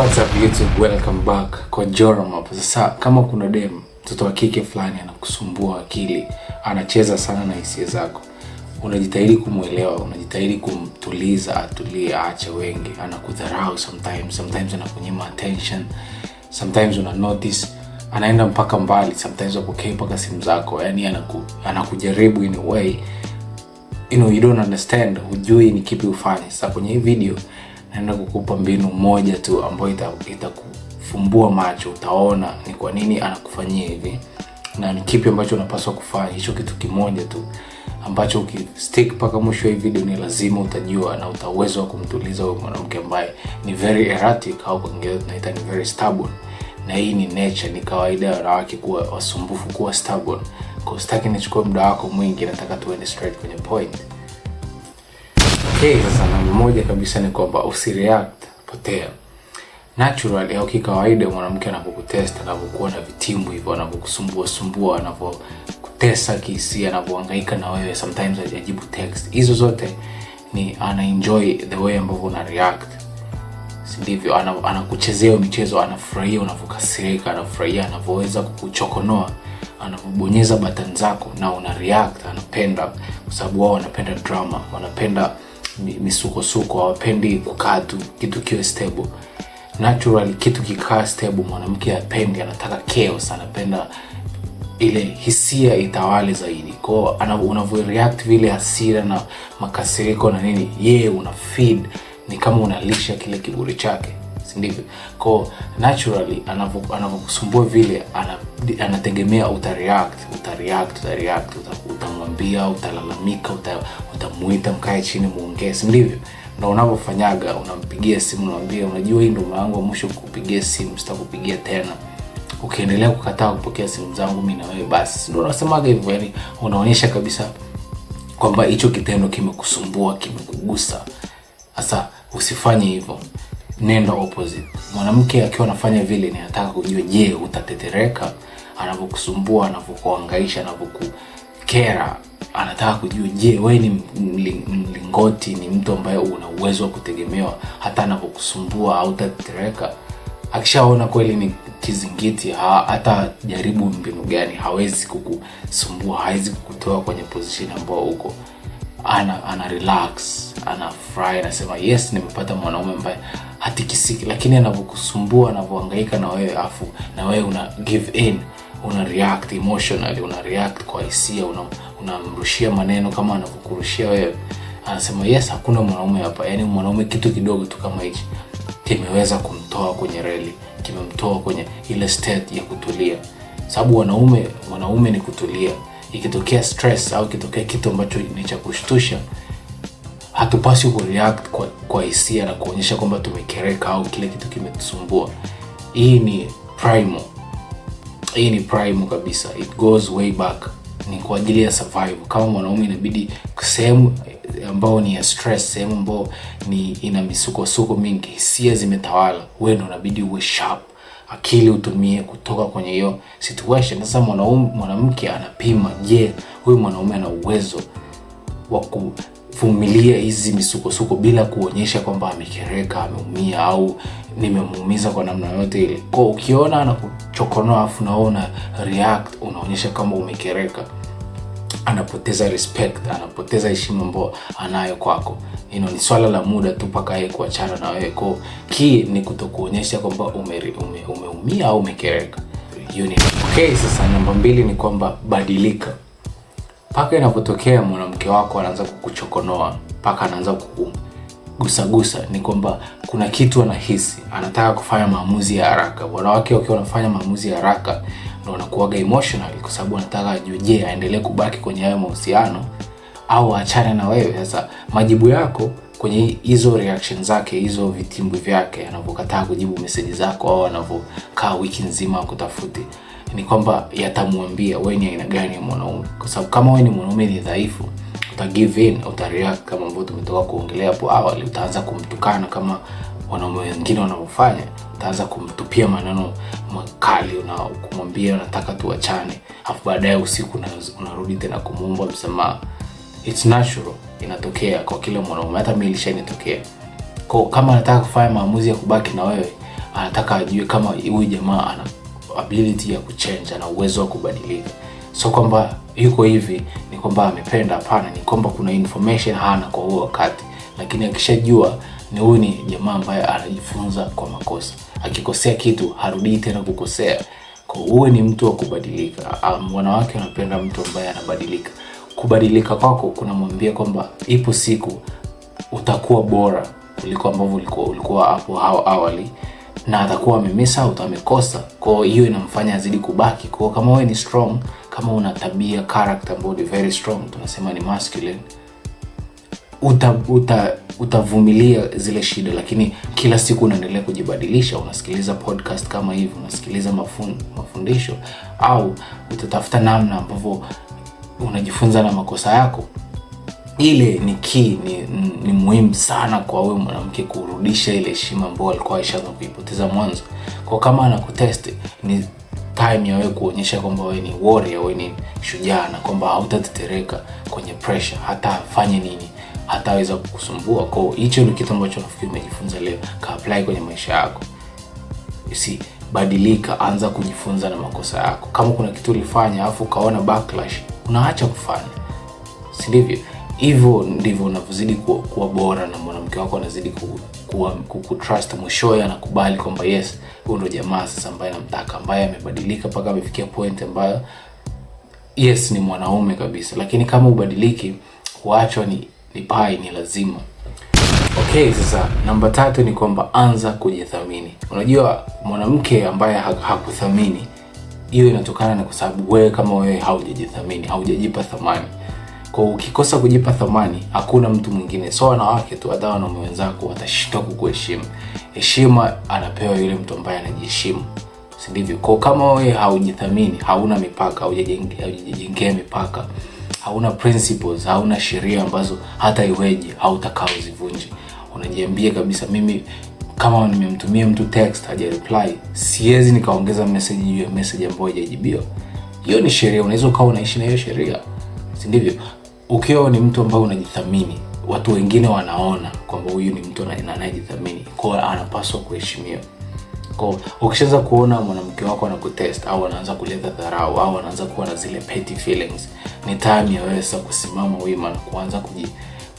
What's up YouTube, welcome back kwa Joram hapa. Sasa kama kuna dem mtoto wa kike fulani anakusumbua akili, anacheza sana na hisia zako, unajitahidi kumwelewa, unajitahidi kumtuliza, atulie, aache wengi, anakudharau sometimes, sometimes anakunyima attention, sometimes una notice anaenda mpaka mbali, sometimes apokee mpaka simu zako, yani anaku, anakujaribu in a way you know, you don't understand, hujui ni kipi ufanye. Sasa kwenye hii video naenda kukupa mbinu moja tu ambayo itakufumbua ita macho, utaona ni kwa nini anakufanyia hivi na ni kipi ambacho unapaswa kufanya. Hicho kitu kimoja tu ambacho ukistick mpaka mwisho wa hii video ni lazima utajua na utaweza wa kumtuliza huyo mwanamke ambaye ni very erratic au kwa tunaita ni very stubborn. Na hii ni nature, ni kawaida ya wanawake kuwa wasumbufu, kuwa stubborn. Kwa sitaki nichukue muda wako mwingi, nataka tuende straight kwenye point okay, sasa, namba moja kabisa ni kwamba usireact, potea natural au kikawaida. Mwanamke anapokutest, anapokuona vitimbu hivyo, anapokusumbua sumbua, anapokutesa kihisia, anapohangaika na wewe, sometimes ajibu text, hizo zote ni ana enjoy the way ambavyo una react, sindivyo? Anakuchezea ana michezo, anafurahia unavyokasirika, anafurahia anavyoweza kukuchokonoa anapobonyeza batani zako na una react, anapenda kwa sababu wao wanapenda drama, wanapenda misukosuko, hawapendi kukaa tu kitu kiwe stable. Naturally kitu kikaa stable, mwanamke apendi, anataka chaos, anapenda ile hisia itawale zaidi. Kwa unavyo react vile hasira na makasiriko na nini, yeye una feed, ni kama unalisha kile kiburi chake sindivyo ko naturally anavyokusumbua vile anategemea utareact, utareact, utareact, utamwambia, utalalamika, utamwita, mkae chini muongee, sindivyo Na unavyofanyaga unampigia simu, unamwambia unajua, hii ndio mara yangu mwisho kukupigia simu, sitakupigia tena ukiendelea kukataa kupokea simu zangu mimi na wewe basi, ndio unasemaga hivyo. Yani unaonyesha kabisa kwamba hicho kitendo kimekusumbua, kimekugusa. Sasa usifanye hivyo nenda opposite. Mwanamke akiwa anafanya vile, ni nataka kujua, je, utatetereka anavyokusumbua, anavyokuangaisha, anavyokukera anataka kujua, je, wewe ni mlingoti, ni mtu ambaye una uwezo wa kutegemewa, hata anapokusumbua au Akishaona kweli ni kizingiti, ha, hata jaribu mbinu gani, hawezi kukusumbua, hawezi kukutoa kwenye position ambayo uko ana, ana relax anafurahi, anasema yes, nimepata mwanaume ambaye hatikisiki. Lakini anavyokusumbua anavoangaika na wewe, afu na wewe una give in, una react emotionally, una react kwa hisia, unamrushia una maneno kama anavyokurushia wewe. Anasema yes, hakuna mwanaume hapa. Yani mwanaume kitu kidogo tu kama hichi kimeweza kumtoa kwenye reli, kimemtoa kwenye ile state ya kutulia, sababu wanaume wanaume ni kutulia ikitokea stress au ikitokea kitu ambacho ni cha kushtusha, hatupaswi kureact kwa, kwa hisia na kuonyesha kwamba tumekereka au kile kitu kimetusumbua. Hii ni primo hii ni primo kabisa, it goes way back, ni kwa ajili ya survival. Kama mwanaume inabidi sehemu ambao ni ya stress, sehemu ambao ni ina misukosuko mingi, hisia zimetawala, wewe unabidi uwe sharp akili utumie kutoka kwenye hiyo situation. Sasa mwanamke anapima, je, huyu mwanaume ana uwezo wa kuvumilia hizi misukosuko bila kuonyesha kwamba amekereka, ameumia au nimemuumiza kwa namna yote ile. Kwa ukiona anakuchokonoa afu naona react, unaonyesha kama umekereka anapoteza respect, anapoteza heshima ambayo anayo kwako. You ni swala la muda tu mpaka yeye kuachana na wewe. Kwa hii ni kutokuonyesha kwamba umeumia ume, ume au umekereka. Hiyo ni okay. Sasa namba mbili ni kwamba badilika mpaka inapotokea mwanamke wako anaanza kukuchokonoa mpaka anaanza gusa, ni kwamba kuna kitu anahisi, anataka kufanya maamuzi ya haraka. Wanawake wakiwa wanafanya maamuzi ya haraka ndo anakuaga emotional kwa sababu anataka ajue, je, aendelee kubaki kwenye hayo mahusiano au achane na wewe. Sasa majibu yako kwenye hizo reaction zake, hizo vitimbwi vyake, anavyokataa kujibu meseji zako au anavyokaa wiki nzima kutafuti, ni kwamba yatamwambia wewe ni aina gani ya mwanaume, kwa sababu kama wewe ni mwanaume ni dhaifu uta give in, uta kama ambavyo tumetoka kuongelea hapo awali. Utaanza kumtukana kama wanaume wengine wanaofanya, utaanza kumtupia maneno makali na kumwambia unataka tuachane, afu baadaye usiku unarudi tena kumuomba msamaha. It's natural, inatokea kwa kila mwanaume, hata mimi ilishanitokea. Kwa kama anataka kufanya maamuzi ya kubaki na wewe, anataka ajue kama huyu jamaa ana ability ya kuchange, ana uwezo wa kubadilika, so kwamba yuko hivi ni kwamba amependa. Hapana, ni kwamba kuna information hana kwa huo wakati, lakini akishajua ni huyu ni jamaa ambaye anajifunza kwa makosa, akikosea kitu harudii tena kukosea. Kwa uwe ni mtu wa kubadilika. Um, wanawake wanapenda mtu ambaye anabadilika. Kubadilika kwako kunamwambia kwamba ipo siku utakuwa bora kuliko ambavyo ulikuwa ulikuwa hapo awali, na atakuwa amemisa au amekosa. Kwa hiyo inamfanya azidi kubaki. Kwa kama wewe ni strong, kama una tabia character ambayo ni very strong, tunasema ni masculine uta, uta, utavumilia zile shida, lakini kila siku unaendelea kujibadilisha. Unasikiliza podcast kama hivi, unasikiliza mafun, mafundisho au utatafuta namna ambavyo unajifunza na makosa yako. Ile ni ki ni, ni muhimu sana kwa wewe mwanamke kurudisha ile heshima ambayo alikuwa aishaanza kuipoteza mwanzo. Kwa kama anakutest ni time ya wewe kuonyesha kwamba wewe ni warrior, wewe ni shujaa na kwamba hautatetereka kwenye pressure hata afanye nini hataweza kukusumbua. Kwa hicho ni kitu ambacho nafikiri umejifunza leo, ka apply kwenye maisha yako. Si badilika, anza kujifunza na makosa yako. Kama kuna kitu ulifanya alafu ukaona backlash, unaacha kufanya, si ndivyo? Hivyo ndivyo unavyozidi kuwa, kuwa bora na mwanamke wako anazidi kukutrust. Mwishowe anakubali kwamba yes, huyu ndo jamaa sasa ambaye namtaka, ambaye amebadilika mpaka amefikia point ambayo yes, ni mwanaume kabisa. Lakini kama ubadiliki, huachwa ni ni pai, ni lazima. Okay, sasa namba tatu ni kwamba anza kujithamini. Unajua mwanamke ambaye hakuthamini, hiyo inatokana na kwa sababu wewe kama wewe haujajithamini, haujajipa thamani. Kwa ukikosa kujipa thamani, hakuna mtu mwingine, so wanawake tu, hata wanaume wenzako watashindwa kukuheshimu. Heshima anapewa yule mtu ambaye anajiheshimu si ndivyo? Kwa kama wewe haujithamini, hauna mipaka, haujijengea mipaka, hauna principles, hauna sheria ambazo hata iweje hautakao zivunje, unajiambia kabisa mimi kama nimemtumia mtu text haja reply, siwezi nikaongeza message juu ya message ambayo haijajibiwa. Hiyo ni sheria, unaweza ukawa unaishi na hiyo sheria, si ndivyo? Ukiwa ni mtu ambaye unajithamini, watu wengine wanaona kwamba huyu ni mtu anayejithamini, kwa anapaswa kuheshimiwa. Kwa ukishaanza kuona mwanamke wako anakutest au anaanza kuleta dharau au anaanza kuwa na zile petty feelings, ni time ya wewe kusimama wima na kuanza kuji,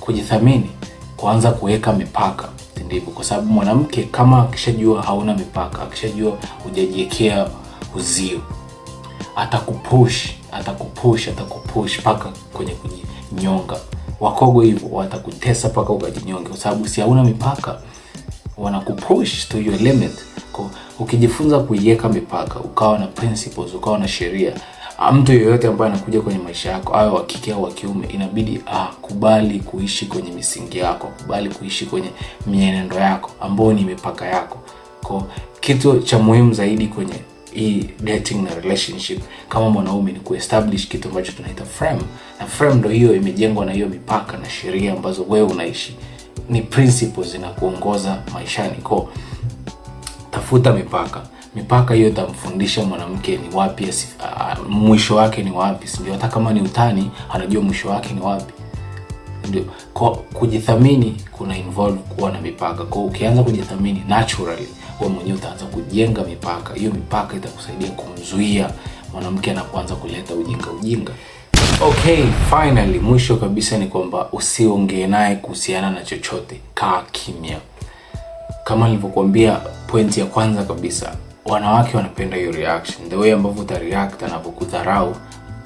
kujithamini, kuanza kuweka mipaka, ndivyo. Kwa sababu mwanamke kama akishajua hauna mipaka, akishajua hujajiwekea uzio, atakupush atakupush atakupush paka kwenye kujinyonga. Wakogo hivyo watakutesa paka ukajinyonge, kwa sababu si hauna mipaka, wanakupush to your limit yako, ukijifunza kuiweka mipaka, ukawa na principles, ukawa na sheria, ah, mtu yeyote ambaye anakuja kwenye maisha yako awe wa kike au wa kiume, inabidi akubali ah, kuishi kwenye misingi yako, akubali kuishi kwenye mienendo yako ambayo ni mipaka yako. Kwa kitu cha muhimu zaidi kwenye hii dating na relationship kama mwanaume ni kuestablish kitu ambacho tunaita frame, na frame ndio hiyo imejengwa na hiyo mipaka na sheria ambazo wewe unaishi, ni principles zinakuongoza maishani. Kwa tafuta mipaka. Mipaka hiyo itamfundisha mwanamke ni wapi uh, mwisho wake ni wapi, si Hata kama ni utani, anajua mwisho wake ni wapi. Ndio kujithamini kuna involve kuwa na mipaka. Kwa ukianza kujithamini naturally, wewe mwenyewe utaanza kujenga mipaka. Hiyo mipaka itakusaidia kumzuia mwanamke anapoanza kuleta ujinga ujinga. Okay, finally, mwisho kabisa ni kwamba usiongee naye kuhusiana na chochote, kaa kimya kama nilivyokuambia pointi ya kwanza kabisa, wanawake wanapenda hiyo reaction, the way ambavyo utareact anapokudharau,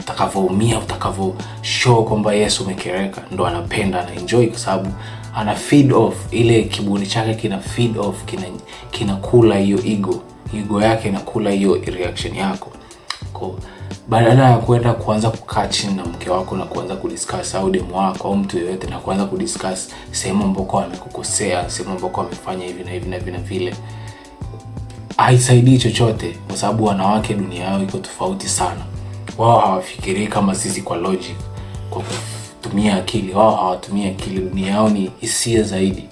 utakavyoumia, utakavyo show kwamba yesu umekereka, ndo anapenda ana enjoy kwa sababu ana feed off ile kibuni chake, kina feed off, kina kinakula hiyo ego, ego yake inakula hiyo reaction yako kwa badala ya kwenda kuanza kukaa chini na mke wako na kuanza kudiscuss au demu wako au mtu yeyote na kuanza kudiscuss sehemu ambako amekukosea, sehemu ambako amefanya hivi na hivi na hivi na vile, haisaidii chochote, kwa sababu wanawake dunia yao iko tofauti sana. Wao hawafikirii kama sisi kwa logic, kwa kutumia akili. Wao hawatumii akili, dunia yao ni hisia zaidi.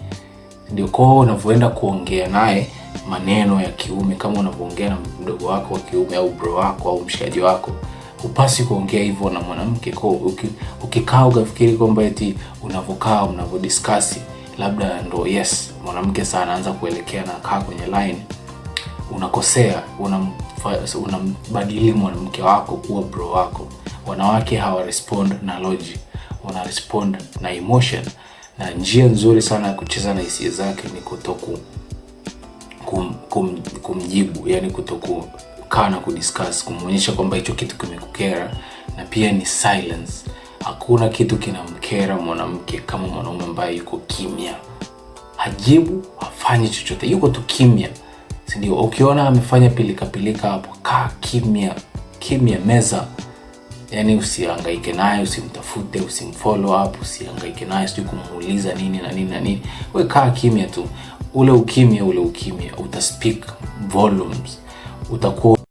Ndio kwao unavyoenda kuongea naye maneno ya kiume. Kama unavyoongea na mdogo wako wa kiume au bro wako au mshikaji wako, upasi kuongea hivyo na mwanamke. Kwa ukikaa ukafikiri kwamba eti unavokaa discuss labda ndo yes mwanamke saa anaanza kuelekea na kaa kwenye line, unakosea. Unambadili mwanamke wako kuwa bro wako. Wanawake hawa respond na logic, wana respond na emotion, na njia nzuri sana ya kucheza na hisia zake ni kutoku kum, kum, kumjibu yani kutokukaa na kudiscuss, kumwonyesha kwamba hicho kitu kimekukera, na pia ni silence. Hakuna kitu kinamkera mwanamke kama mwanaume ambaye yuko kimya, hajibu, hafanyi chochote, yuko tu kimya, sindio Ukiona amefanya pilika pilika hapo, kaa kimya kimya, meza Yani usiangaike naye, usimtafute, usimfollow up, usiangaike naye sijui kumuuliza nini na nini na nini. We kaa kimya tu ule ukimya ule ukimya utaspeak volumes, utakuwa